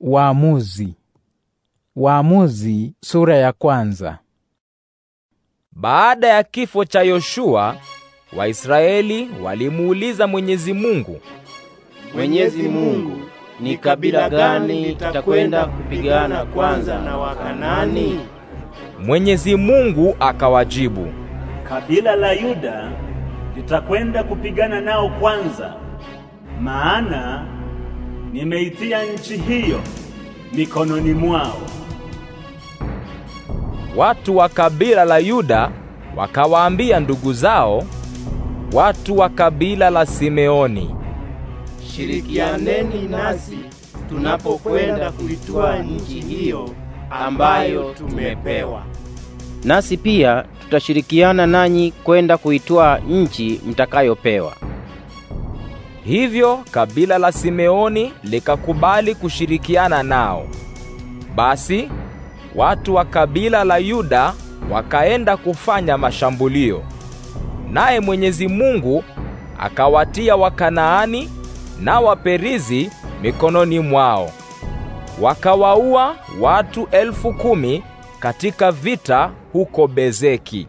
Waamuzi. Waamuzi sura ya kwanza. Baada ya kifo cha Yoshua, Waisraeli walimuuliza Mwenyezi Mungu, Mwenyezi Mungu, ni kabila gani litakwenda kupigana kwanza na Wakanani? Mwenyezi Mungu akawajibu, kabila la Yuda litakwenda kupigana nao kwanza, maana nimeitia nchi hiyo mikononi mwao. Watu wa kabila la Yuda wakawaambia ndugu zao, watu wa kabila la Simeoni, shirikianeni nasi tunapokwenda kuitwaa nchi hiyo ambayo tumepewa. Nasi pia tutashirikiana nanyi kwenda kuitwaa nchi mtakayopewa. Hivyo kabila la Simeoni likakubali kushirikiana nao. Basi watu wa kabila la Yuda wakaenda kufanya mashambulio, naye Mwenyezi Mungu akawatia Wakanaani na Waperizi mikononi mwao, wakawaua watu elfu kumi katika vita huko Bezeki.